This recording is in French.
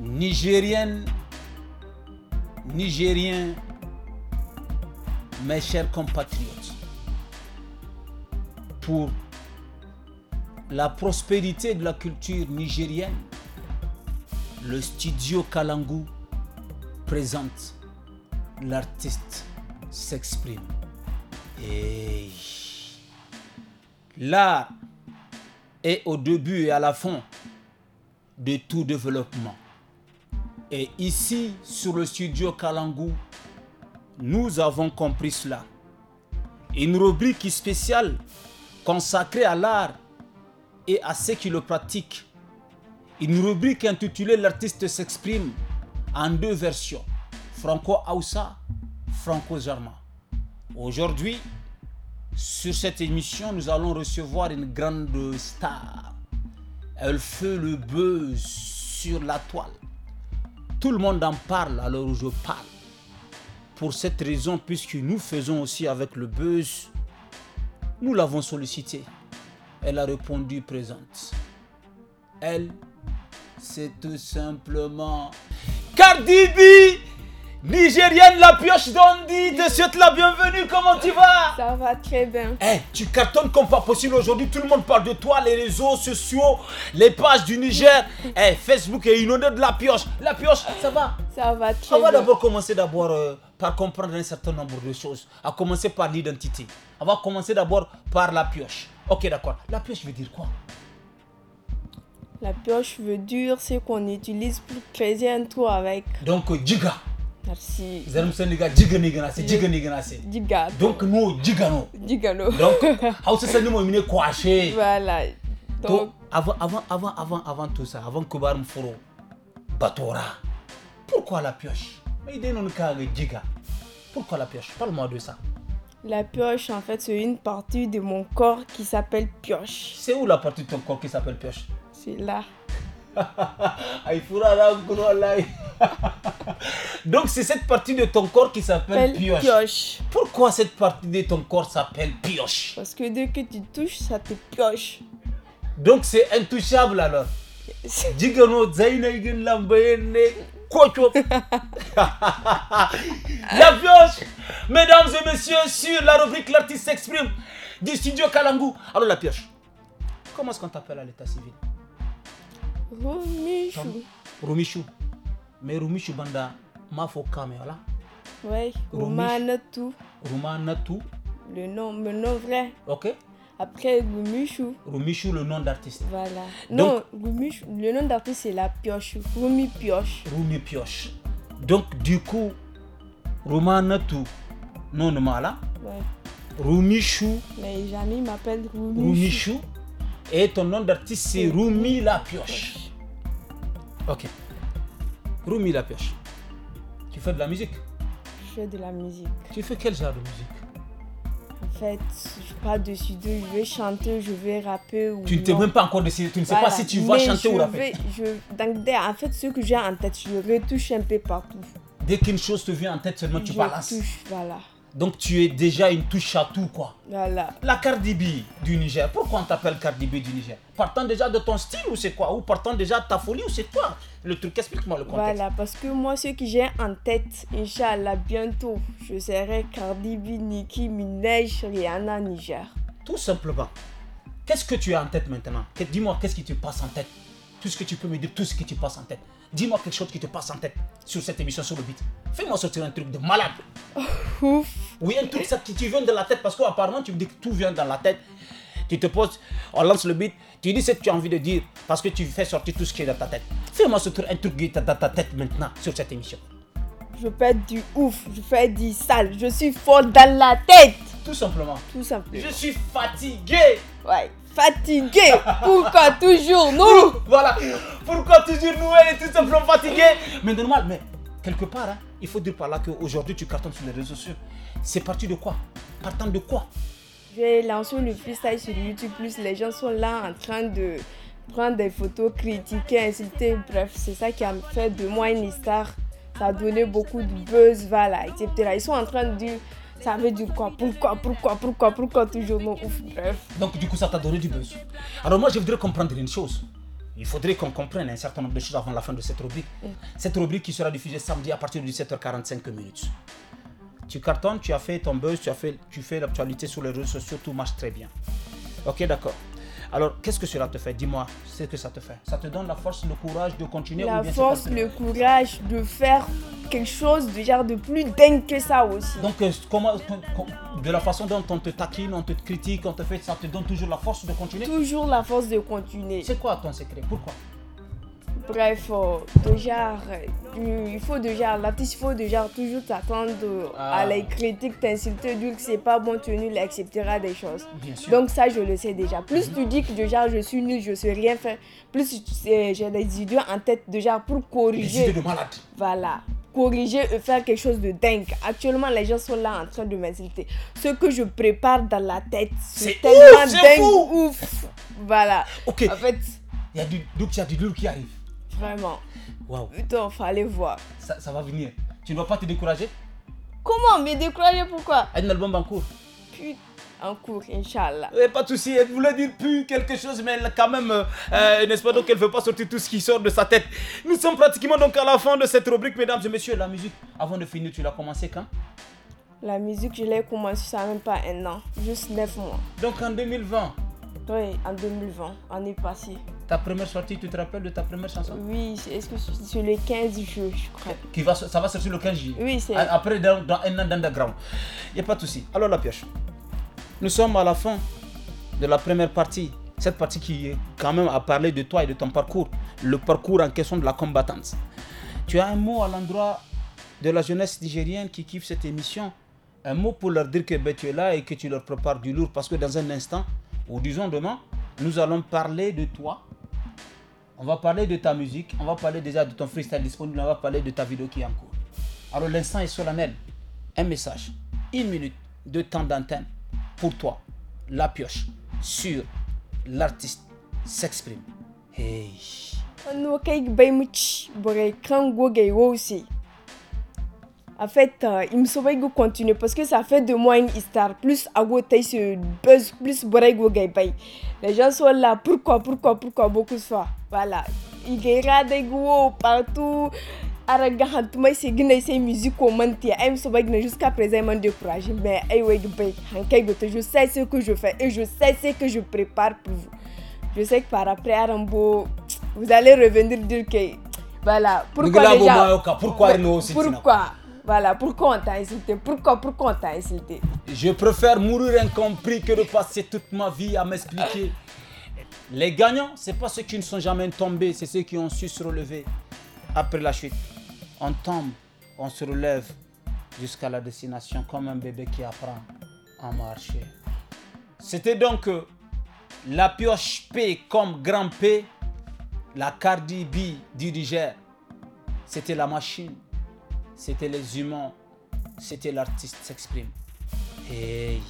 Nigériennes, Nigériens, mes chers compatriotes, pour la prospérité de la culture nigérienne, le studio Kalangu présente l'artiste s'exprime. Et l'art est au début et à la fin de tout développement. Et ici, sur le studio Kalangu, nous avons compris cela. Une rubrique spéciale consacrée à l'art et à ceux qui le pratiquent. Une rubrique intitulée L'artiste s'exprime en deux versions, franco-aoussa, franco-germain. Aujourd'hui, sur cette émission, nous allons recevoir une grande star. Elle fait le buzz sur la toile. Tout le monde en parle alors où je parle. Pour cette raison, puisque nous faisons aussi avec le buzz, nous l'avons sollicité. Elle a répondu présente. Elle, c'est tout simplement Cardi B Nigérienne La Pioche Dandy, de suite la bienvenue, comment tu vas Ça va très bien. Eh, tu cartonnes comme pas possible aujourd'hui, tout le monde parle de toi, les réseaux sociaux, les pages du Niger. facebook eh, Facebook est inondé de La Pioche. La Pioche, ça va Ça va très bien. On va d'abord commencer d'abord euh, par comprendre un certain nombre de choses, à commencer par l'identité. On va commencer d'abord par La Pioche. Ok, d'accord. La Pioche veut dire quoi La Pioche veut dire ce qu'on utilise pour créer un tour avec. Donc, euh, giga Merci. Vous allez jigani ganase, jigani Jiga. Donc nous, jigano. Jigano. Donc, ah, nous sani mo mine Voilà. Donc, avant, avant, avant, avant, avant tout ça, avant que bar Foro, batora. Pourquoi la pioche? Mais il non carré, jiga. Pourquoi la pioche? Parle-moi de ça. La pioche, en fait, c'est une partie de mon corps qui s'appelle pioche. C'est où la partie de ton corps qui s'appelle pioche C'est là. Aïfoura ah, là, Donc c'est cette partie de ton corps qui s'appelle pioche. Pourquoi cette partie de ton corps s'appelle pioche Parce que dès que tu touches, ça te pioche. Donc c'est intouchable alors. La pioche Mesdames et messieurs, sur la rubrique L'artiste s'exprime du studio Kalangu. Alors la pioche, comment est-ce qu'on t'appelle à l'état civil Romichou. Romichou mais rumishu banda ma faux voilà Oui. Ruma le nom le nom vrai ok après Rumishu Rumishu le nom d'artiste voilà non Rumi le nom d'artiste c'est la pioche Rumi pioche Rumi pioche donc du coup Ruma Natu non mala Rumi Rumichou. Mais jamais il m'appelle Rumi Rumichou. Et ton nom d'artiste c'est Rumi la pioche. Ok. Rumi la pêche. Tu fais de la musique Je fais de la musique. Tu fais quel genre de musique en fait, je parle de je vais chanter, je vais rapper. Ou tu ne t'es même pas encore décidé, tu ne sais pas si tu vas chanter ou rapper. Vais, je, en fait, ce que j'ai en tête, je retouche un peu partout. Dès qu'une chose te vient en tête, seulement tu je voilà. Donc tu es déjà une touche à tout quoi. Voilà. La Cardi B du Niger, pourquoi on t'appelle Cardi B du Niger Partant déjà de ton style ou c'est quoi Ou partant déjà de ta folie ou c'est quoi Le truc, explique-moi le contexte. Voilà, parce que moi ce que j'ai en tête, Inch'Allah, bientôt, je serai Cardi B, Nicki Minaj, Rihanna, Niger. Tout simplement. Qu'est-ce que tu as en tête maintenant Dis-moi qu'est-ce qui te passe en tête Tout ce que tu peux me dire, tout ce qui te passe en tête. Dis-moi quelque chose qui te passe en tête sur cette émission, sur le beat. Fais-moi sortir un truc de malade. Ouf oui, un truc ça, qui, viens vient de la tête, parce qu'apparemment tu me dis que tout vient dans la tête. Tu te poses, on lance le beat, tu dis ce que tu as envie de dire, parce que tu fais sortir tout ce qui est dans ta tête. Fais-moi ce truc, un truc qui est dans ta tête maintenant sur cette émission. Je fais du ouf, je fais du sale, je suis fort dans la tête. Tout simplement. Tout simplement. Je suis fatigué. Ouais, fatigué. Pourquoi toujours nous Voilà. Pourquoi toujours nous et tout simplement fatigué Mais de normal, mais quelque part, hein, il faut dire par là qu'aujourd'hui tu cartonnes sur les réseaux sociaux. C'est parti de quoi Partant de quoi J'ai lancé une le freestyle sur YouTube, plus les gens sont là en train de prendre des photos, critiquer, insulter. Bref, c'est ça qui a fait de moi une star. Ça a donné beaucoup de buzz, voilà, etc. Ils sont en train de dire. Ça veut dire quoi Pourquoi Pourquoi Pourquoi Pourquoi Toujours non ouf, bref. Donc, du coup, ça t'a donné du buzz. Alors, moi, je voudrais comprendre une chose. Il faudrait qu'on comprenne un certain nombre de choses avant la fin de cette rubrique. Cette rubrique qui sera diffusée samedi à partir de 17h45 minutes. Tu cartonnes, tu as fait ton buzz, tu, as fait, tu fais l'actualité sur les réseaux sociaux, tout marche très bien. Ok, d'accord. Alors, qu'est-ce que cela te fait Dis-moi ce que ça te fait. Ça te donne la force, le courage de continuer La ou bien force, le courage de faire quelque chose de de plus dingue que ça aussi. Donc, euh, comment, de la façon dont on te taquine, on te critique, on te fait, ça te donne toujours la force de continuer Toujours la force de continuer. C'est quoi ton secret Pourquoi bref, euh, déjà, il faut déjà, l'artiste, il faut déjà toujours t'attendre à ah. les critiques, t'insulter, dire que c'est pas bon, tu es nul, etc. des choses. Donc ça, je le sais déjà. Plus tu dis que déjà je suis nul, je sais rien faire, plus j'ai des idées en tête déjà pour corriger. Les idées de malade. Voilà corriger faire quelque chose de dingue. Actuellement, les gens sont là en train de m'insulter. Ce que je prépare dans la tête, c'est tellement dingue, ouf. Voilà. Ok. En fait, il y a du, donc qui arrive. Vraiment. Waouh. Putain, fallait voir. Ça, va venir. Tu ne dois pas te décourager Comment Mais décourager pourquoi Un album en cours. Putain en cours, Inch'Allah. Eh, pas de soucis. elle voulait dire plus quelque chose, mais elle, quand même, euh, n'est-ce pas, donc elle ne veut pas sortir tout ce qui sort de sa tête. Nous sommes pratiquement donc à la fin de cette rubrique, mesdames et messieurs. La musique, avant de finir, tu l'as commencé quand La musique, je l'ai commencé, ça même pas un an, juste neuf mois. Donc en 2020 Oui, en 2020, on est passé ta première sortie, tu te rappelles de ta première chanson Oui, est-ce que c'est le 15 juillet, je crois. Qui va, ça va sortir le 15 juillet Oui, c'est. Après, dans, un an d'underground. Il n'y a pas de souci. Alors, la pioche. Nous sommes à la fin de la première partie. Cette partie qui, est quand même, à parler de toi et de ton parcours. Le parcours en question de la combattante. Tu as un mot à l'endroit de la jeunesse nigérienne qui kiffe cette émission. Un mot pour leur dire que ben, tu es là et que tu leur prépares du lourd parce que dans un instant, ou disons demain, nous allons parler de toi, on va parler de ta musique, on va parler déjà de ton freestyle disponible, on va parler de ta vidéo qui est en cours. Alors l'instant est solennel. Un message, une minute de temps d'antenne pour toi, la pioche, sur l'artiste s'exprime. Hey. En fait, euh, il me sauve que continuer parce que ça fait de moi une star. Plus Agotay se buzz, plus Borego Gaibay. Les gens sont là. Pourquoi, pourquoi, pourquoi beaucoup soient. Voilà. Il y a des goûts partout. araga sait que c'est une musique commenter aime so bagna jusqu'à présent m'en découragé mais eh ay way du bay je sais ce que je fais et je sais ce que je prépare pour vous je sais que par après vous allez revenir dire que voilà pourquoi déjà pourquoi pourquoi voilà, pourquoi on t'a insulté Pourquoi, pourquoi on t'a insulté Je préfère mourir incompris que de passer toute ma vie à m'expliquer. Les gagnants, ce n'est pas ceux qui ne sont jamais tombés, c'est ceux qui ont su se relever après la chute. On tombe, on se relève jusqu'à la destination comme un bébé qui apprend à marcher. C'était donc euh, la pioche P comme grand P, la Cardi B dirigeait. C'était la machine c'était les humains, c'était l'artiste s'exprime. Hey.